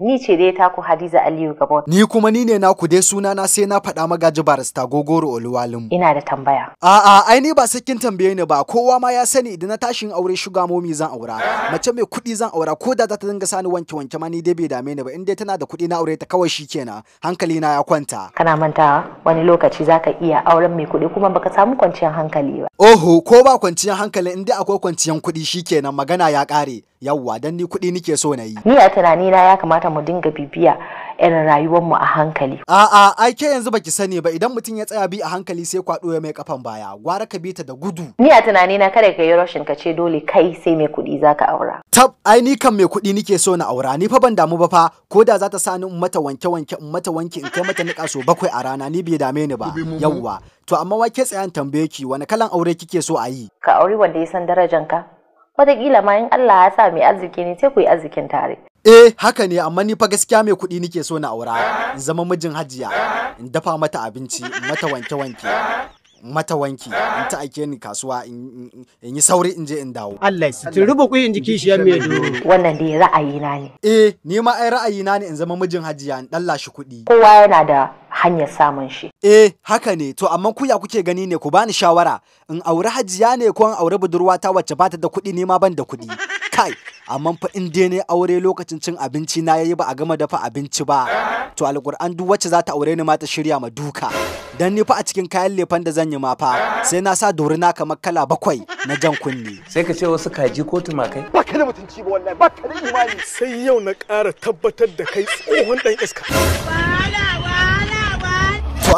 Ni ce dai taku Hadiza Aliyu Gabon. Ni kuma ni ne naku dai suna na sai na faɗa magaji barista Gogoro Oluwalim. Ina da tambaya. A'a ai ni ba sakin tambaye ni ba kowa ma ya sani idan na tashin aure shuga momi zan aura. Mace mai kuɗi zan aura ko da za ta dinga sani wanke wanke ma ni dai bai dame ni ba in dai tana da kuɗi na aure ta kawai shikenan hankali na ya kwanta. Kana mantawa wani lokaci za ka iya auren mai kuɗi kuma baka samu kwanciyar hankali ba. Oho ko ba kwanciyar hankali in dai akwai kwanciyar kuɗi shikenan magana ya ƙare. Yawwa dan ni kuɗi nike so na yi. Ni a tunani na ya kamata kamata mu dinga bibiya irin mu a hankali. A'a, ai ke yanzu baki sani ba idan mutum ya tsaya bi a hankali sai kwaɗo ya mai kafan baya, gwara ka bi ta da gudu. Ni a tunani na kada ka yi rashin ka ce dole kai sai mai kuɗi zaka aura. Tab, ai ni kan mai kuɗi nike so na aura, ni fa ban damu ba fa, ko da za ta sa ni in mata wanke-wanke in mata wanki in kai mata niƙa so bakwai a rana ni bai dame ni ba. Yawwa, to amma wake tsayan tambaye ki wani kalan aure kike so a yi? Ka auri wanda ya san darajanka. Wataƙila ma in Allah ya sa mai arziki ne sai ku yi arzikin tare. eh haka ne amma ni fa gaskiya mai kuɗi nike so na aura in zama mijin hajiya in dafa mata abinci mata wanke wanke mata wanki in ta ake ni kasuwa in yi sauri in je in dawo. Allah ya sitin rubu kuyi in ji kishiyar mai duro. Wannan dai ra'ayi na ne. Eh ni ma ai ra'ayi na ne in zama mijin hajiya in dalla shi kuɗi. Kowa yana da hanyar samun shi. Eh haka ne to amma ku ya kuke gani ne ku bani shawara in aure hajiya ne ko in aure budurwa ta wacce bata da kuɗi ni ma ban da kuɗi. Kai amma fa in dai ne aure lokacin cin abinci na yayi ba a gama dafa abinci ba to alƙur'an duk wacce za ta aure ni ma ta shirya ma duka dan ni fa a cikin kayan lefan da zan yi ma fa sai na sa dorina kamar kala bakwai na jan kunni sai ka ce wasu kaji ko tumakai ba ka da mutunci ba wallahi ba ka da imani sai yau na ƙara tabbatar da kai tsohon dan iska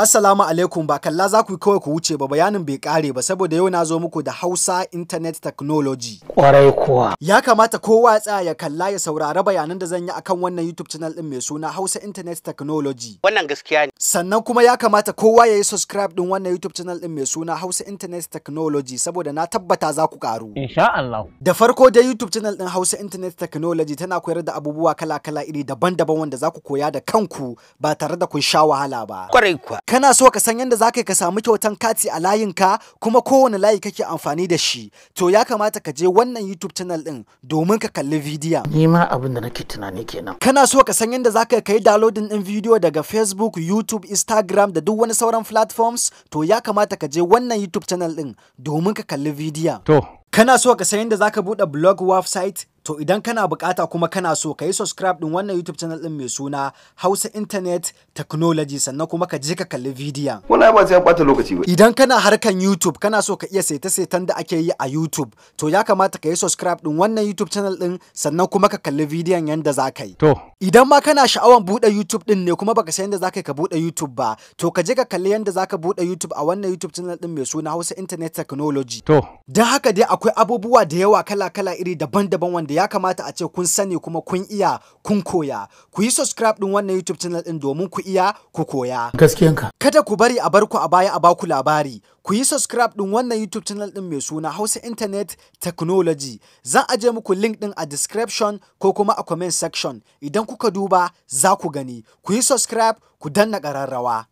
assalamu alaikum ba kalla za ku kawai ku wuce ba bayanin bai kare ba saboda yau na zo muku da Hausa Internet Technology. Kwarai kuwa. Ya kamata kowa ya tsaya ya kalla ya saurara bayanan da zan yi akan wannan YouTube channel din mai suna Hausa Internet Technology. Wannan gaskiya ne. Sannan kuma ya kamata kowa ya yi subscribe din wannan YouTube channel din mai suna Hausa Internet Technology saboda na tabbata za ku karu. Insha Allah. Da farko dai YouTube channel din Hausa Internet Technology tana koyar da abubuwa kala-kala iri daban-daban wanda za ku koya da kanku ba tare da kun sha wahala ba. Kwarai kuwa. kana so ka san yadda zaka ka samu kyautan kati a layin ka kuma kowane layi kake amfani da shi to ya kamata ka je wannan YouTube channel din domin ka kalli video ni ma abin da nake tunani kenan kana so ka san yadda zaka kai downloading din bidiyo daga Facebook YouTube Instagram da duk wani sauran platforms to ya kamata ka je wannan YouTube channel din domin ka kalli video to kana so ka san yadda zaka buɗe blog website To idan kana bukata kuma kana so ka yi subscribe din wannan YouTube channel din mai suna Hausa Internet Technology sannan kuma ka je ka kalli bidiyon. Wallahi ba sai bata lokaci ba. Idan kana harkan YouTube kana so ka iya saita-saitan da ake yi a YouTube to ya kamata ka yi subscribe din wannan YouTube channel din sannan kuma ka kalli bidiyon yanda za ka yi. To idan ma kana sha'awan bude YouTube din ne kuma baka san yanda za ka bude YouTube ba to ka je ka kalli yanda za ka bude YouTube a wannan YouTube channel din mai suna Hausa Internet Technology. To dan haka dai akwai abubuwa da yawa kala-kala iri daban-daban wanda ya kamata a ce kun sani kuma kun iya kun koya ku yi subscribe din wannan YouTube channel din domin ku iya ku koya gaskiyanka kada ku bari a barku a baya a baku labari ku yi subscribe din wannan YouTube channel din mai suna Hausa Internet Technology zan aje muku link din a description ko kuma a comment section idan kuka duba za ku gani ku yi subscribe ku danna ƙararrawa